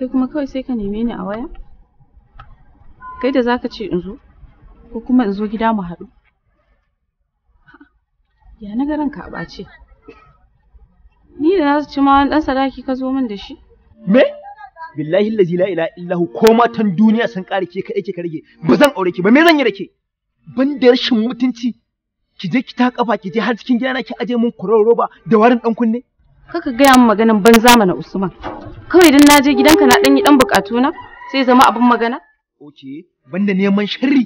kai kuma kawai sai ka neme ni a waya kai da zaka ce in zo ko kuma in zo gida mu haɗu ya na garin ka ɓace ni da na ci ma wani ɗan sadaki ka zo min da shi me billahi lazi la ila illahu ko matan duniya sun ƙare ke kaɗai ke ka rage ba zan aure ki ba me zan yi da ke ban da rashin mutunci ki je ki ta kafa ki je har cikin gidana ki aje mun kurar roba da warin ɗan kunne kaka gaya min maganin banza mana Usman. Kawai dan naje gidanka na dan yi dan bukatu na sai zama abin magana. Oke, banda neman sharri,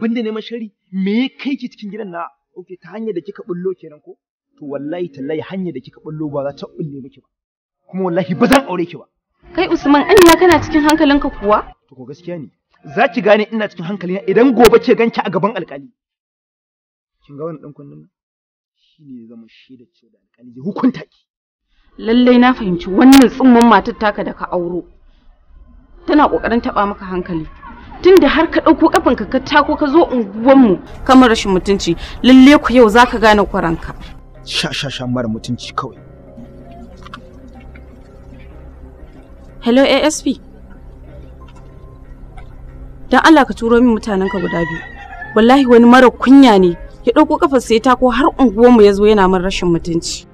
banda neman sharri, me ya kai ki cikin gidan na? Oke, ta hanyar da kika bullo kenan ko? To wallahi tallahi hanyar da kika bullo ba za ta bulle miki ba. Kuma wallahi ba zan aure ki ba. Kai Usman, anya kana cikin hankalinka kuwa? To ko gaskiya ne. Za ki gane ina cikin hankalina idan gobe ce ganki a gaban alkali. Kin ga wannan dan kunnen nan? Shi ne zama da ce da alkali ya hukunta ki. lallai na fahimci wannan tsumman matar taka da ka auro tana kokarin taba maka hankali tunda har ka ɗauko kafanka ka tako ka zo unguwanmu kamar rashin mutunci lalle ku yau zaka gane kwaranka sha sha sha mara mutunci kawai hello asp dan allah ka turo min mutanen ka guda biyu wallahi wani mara kunya ne ya ɗauko kafarsa ya tako har unguwanmu ya zo yana min rashin mutunci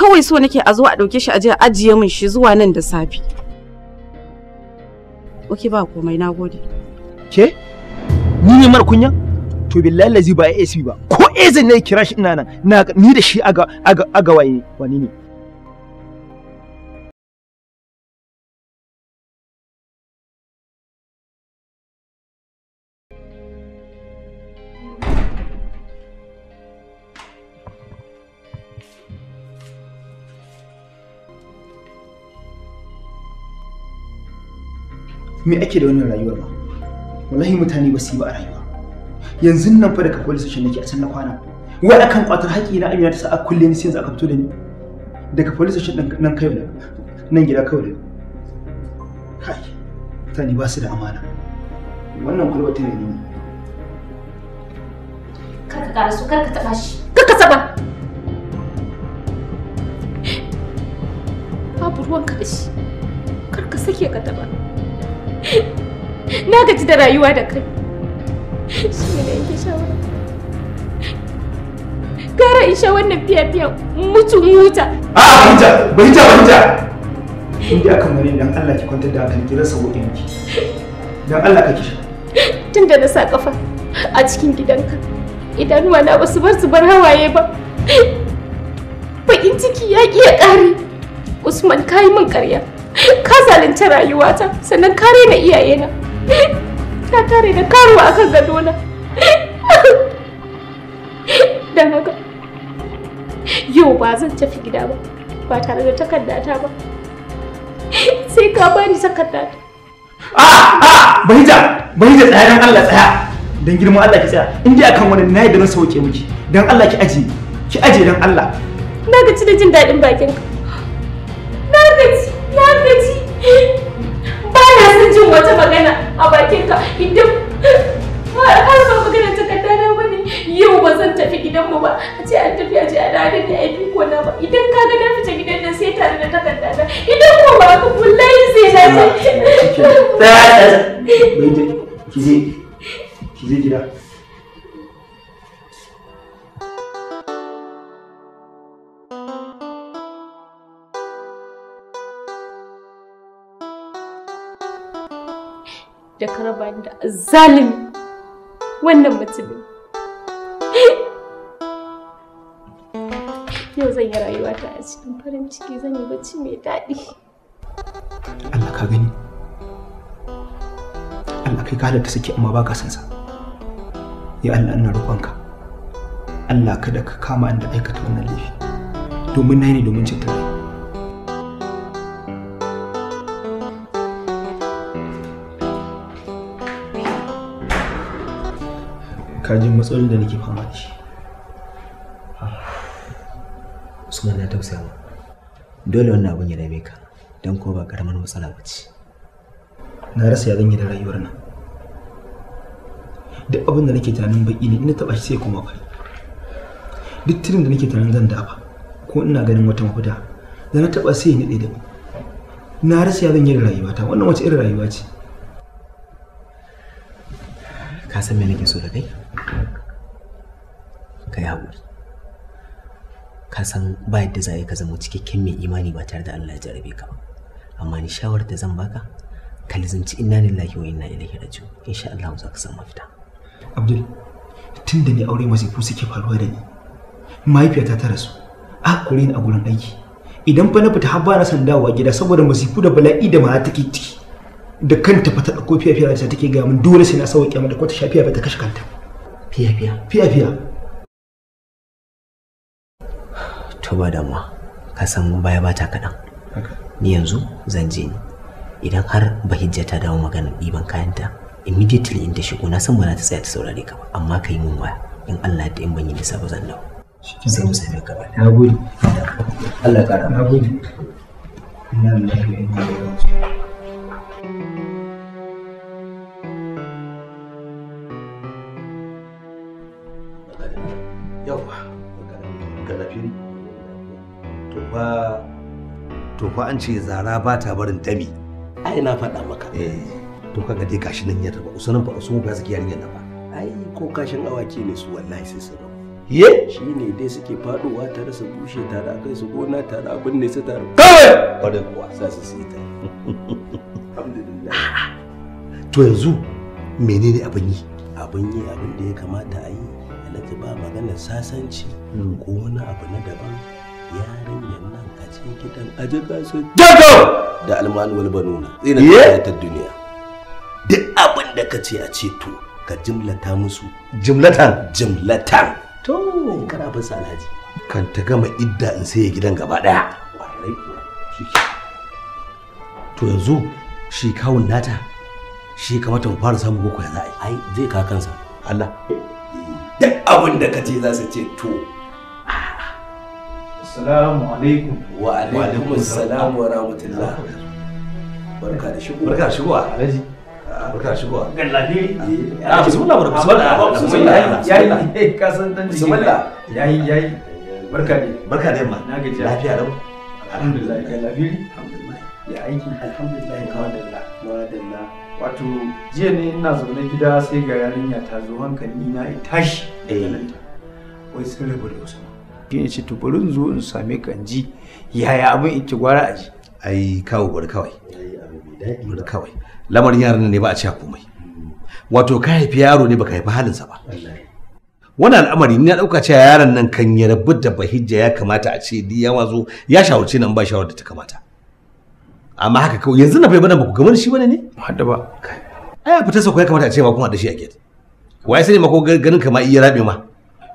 kawai so nake a zo a ɗauke shi a je a ajiye min shi zuwa nan da safe. Oke ba komai na gode. Ke? Ni ne mara kunya? To billahi lazi ba AC ba. Ko ezin ne kira shi ina nan. Ni da shi aga aga aga waye wani ne. me ake da wannan rayuwar ma wallahi mutane ba su yi ba a rayuwa yanzu nan fa daga police station nake a can na kwana wai akan kwatar haƙi na amina ta sa a kulle ni sai yanzu aka fito da ni daga police station nan kai ne nan gida kawai ne kai mutane ba su da amana wannan kwalba ta ne ne kar ka karasu kar ka taɓa shi kar ka saba babu ka da shi kar ka sake ka taɓa na gaji da rayuwa da kai shi ne da yanke shawara gara in sha wannan fiya-fiya mutu muta a hija ba hija ba hija in dai akan dan Allah ki kwantar da hankali ki rasa wuƙin ki dan Allah ka kisha tun da na sa kafa a cikin gidanka idanuwa na ba su bar su bar hawaye ba bakin ciki ya ƙi ya ƙare usman kayi min ƙarya ka zalunci rayuwata sannan ka raina iyayena ka tare na karuwa akan gadona don haka yau ba zan tafi gida ba ba tare da takardata ba sai ka bani takardata a a bahija bahija tsaya don Allah tsaya don girman Allah ki tsaya in dai akan wani nayi da na sauke miki don Allah ki aje ki aje don Allah na gaci da jin daɗin bakin na gaci gaji ba na son jin wata magana a bakinka idan har ba magana takarda na ne yau ba zan tafi gidanmu ba a ce an tafi a ce a dawo da ni a yi ko na ba idan ka ga na fita gidan nan sai tare da takarda na idan ko ba ka kullai sai na ce ki je ki je gida da ka raba ni da zalimi wannan mutumin yau zan yi rayuwata a cikin farin ciki zan yi bacci mai daɗi Allah ka gani Allah kai ka ta saki amma ba ka san sa ya Allah ina roƙonka Allah kada ka kama inda aikata wannan laifi domin nayi ne domin cin ne. ji matsalolin da nake fama da shi ah, usman na tausaya ma dole wannan abin ya dame ka don ko ba karamar matsala ba ce na rasa ya zanyi da rayuwar nan duk abin da nake tunanin baki ne ina taba shi sai kuma bai duk tirin da nake tunanin zan dafa ko ina ganin wata mafuta da na taba sai ni da na rasa ya zanyi da rayuwata wannan wace irin rayuwa ce ka san me nake so da kai ka san ba yadda za ka zama cikakken mai imani ba tare da Allah ya jarabe ka ba amma ni shawarar da zan baka ka lizanci inna lillahi wa inna ilaihi raji'un insha Allah za ka san mafita Abdul tun da ni aure masifu suke faruwa da ni mahaifiyata ta rasu a kure ni a gurin aiki idan fa na fita har ba na san dawowa gida saboda masifu da bala'i da mara take ciki da kanta fa ta fiya fiya da take ga min dole sai na sauke mata ko ta shafiya ba ta kashe kanta Fiya-fiya. ka ba damuwa ka san baya bata kaɗan ni yanzu zan je ni idan har ba hijja ta dawo magana ɗiban kayanta immediately in ta shigo na san ba za ta tsaya ta saurare ka ba amma ka yi min waya in Allah ya in ban yi nisa ba zan dawo sai mu sami ba. na gode Allah ya kara na gode ina da lafiya ina to fa an ce zara ba ta barin dami ai na faɗa maka eh to kaga dai gashi nan ya raba usunan ba usunan ba suke yarinya nan ba ai ko kashin awaki ne su wallahi sai su ye shi ne dai suke faduwa ta rasa bushe da kai su gona da abin ne su tare kawai kwarai kuwa sa su sai ta alhamdulillah to yanzu menene abin yi abin yi abin da ya kamata a yi alhaji ba maganar sasanci hmm. ko wani abu na daban yarinya sai kiɗan aji kasu jago da almanu wal banuna zina ta duniya duk abin da ka ce a ce to ka jimlata musu jimlatan jimlatan to in kana bin kan ta gama idda in sai gidan gaba daya to yanzu shi kawun nata shi kamata mu fara samu boko ya za a yi ai zai ka kansa Allah duk abin da ka ce za su ce to Assalamu alaikum. Wa alaikum assalam wa rahmatullah. Barka da shigo. Barka da shigo. Alhaji. Barka da shigo. Gallafiri. Ah bismillah barka. Ah, bismillah. Bismillah. Yayi ka san dan jiki. Bismillah. Yayi yayi. Barka ne. Barka ne ma. Na gaji. Lafiya lau. Alhamdulillah. Gallafiri. Alhamdulillah. Ya aiki. Alhamdulillah. Kawadallah. Kawadallah. Wato jiya ne ina zaune gida sai ga yarinya ta zo hankali na ya tashi. Eh. Wai sun rabu da Usman. shine ce to bari zo in same ka in ji yaya abin in ki gwara a ji ai kawo bari kawai bari kawai lamarin yaran ne ba a cewa komai wato ka haifi yaro ne baka haifi halinsa ba wani al'amari ni na dauka cewa yaron nan kan ya rabu da bahijja ya kamata a ce di ya wazo ya shawarce nan ba shawar da ta kamata amma haka kawai yanzu na bai bana ku gamar shi bane ne hadda ba ai a fitar sa ya kamata a ce ba kuma da shi a gate wai sai ma ko ganin kama iya rabe ma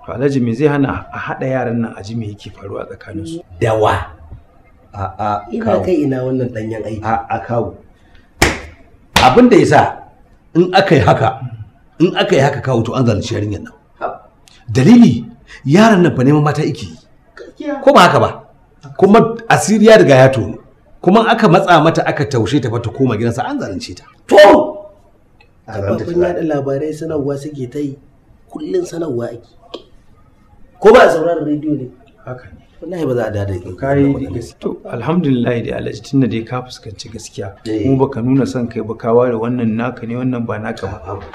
to alhaji me zai hana a haɗa yaran nan a ji me yake faruwa tsakanin su dawa a a ina kai ina wannan danyen aiki a a kawo abin da yasa in aka yi haka in aka yi haka kawo to an zalunci yarinyar nan dalili yaran nan fa neman mata yake yi ko ba haka ba kuma asiriya daga ya tono kuma aka matsa mata aka taushe ta fa ta koma gidansa an zalunce ta to kafafin yaɗa labarai sanarwa suke ta yi kullum sanarwa ake ko ba a sauraron rediyo ne haka ne wallahi ba za a dada ki kai to alhamdulillah dai Allah tun da dai ka fuskanci gaskiya mu eh. baka nuna son kai ba ka ware wannan naka ne wannan ba naka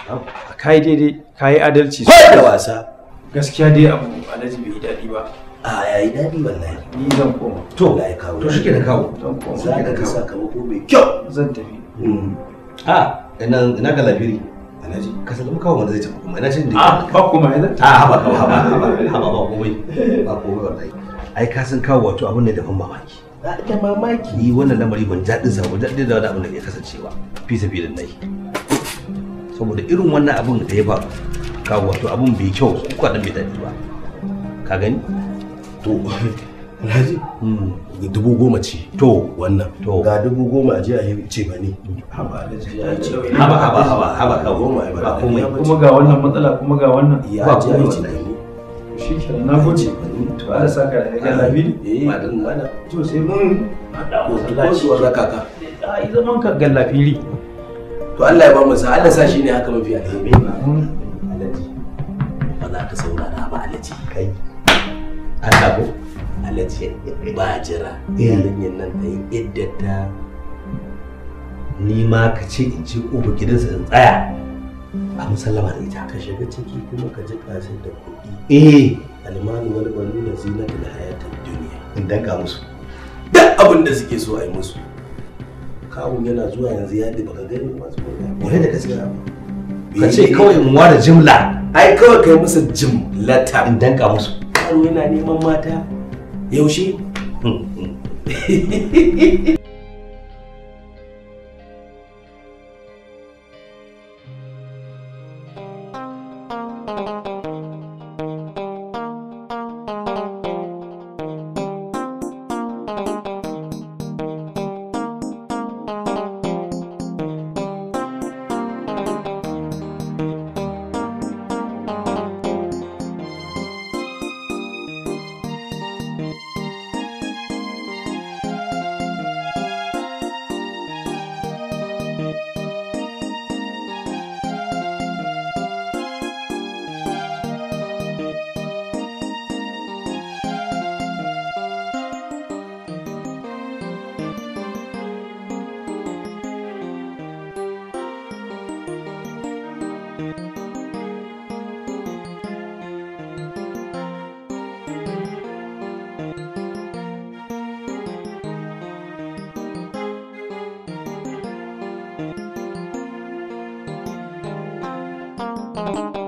ba kai daidai kai adalci su. da wasa gaskiya dai abu alaji bai daɗi ba a yayi daɗi wallahi ni zan koma to ga ke kawo to shike da kawo zan koma za ka saka mai kyau zan tafi mm. a ina ina ga labiri alhaji ka sallama kawo wanda zai tafi kuma ina ce A ah, ba kuma ina a haba haba haba haba ba komai ba komai wallahi ai ka san kawo wato abin ne da ban mamaki ah, da mamaki ni wannan lamari ban jaɗin sa ba jaɗin da wani abin da ya kasance ba fi sabi da nai saboda irin wannan abin da ya faru kawo wato abin bai kyau ko kaɗan bai daɗi ba ka gani to alhaji hmm. dubu goma ce to wannan ga dubu goma a jiya ce ba ne haba haba haba haba haba ka goma ba komai kuma ga wannan matsala kuma ga wannan ba komai ce shi kenan na gode to ala saka da ga labi eh madan mana to sai mun ko lashi wa zakaka ai zaman ka ga lafiri to Allah ya ba mu sa Allah sa shi ne haka mafi alheri alhaji ba za ka saurara ba alhaji kai Allah ko alaji ba jira yarinyar nan ta yi idda ta ni ma ka ce in ce ƙofa gidansa in tsaya a musallama da ita ka shiga ciki kuma ka ji kashin da kuɗi eh almanu wal banuna zinatul hayatid duniya in danka musu duk abin da suke so a yi musu kawun yana zuwa yanzu ya ɗi baka gani su. kore da gaskiya ka ce kawai in ware jimla ai kawai kai musu jimlata in danka musu karo yana neman mata yaushe hmm, hmm. Thank you.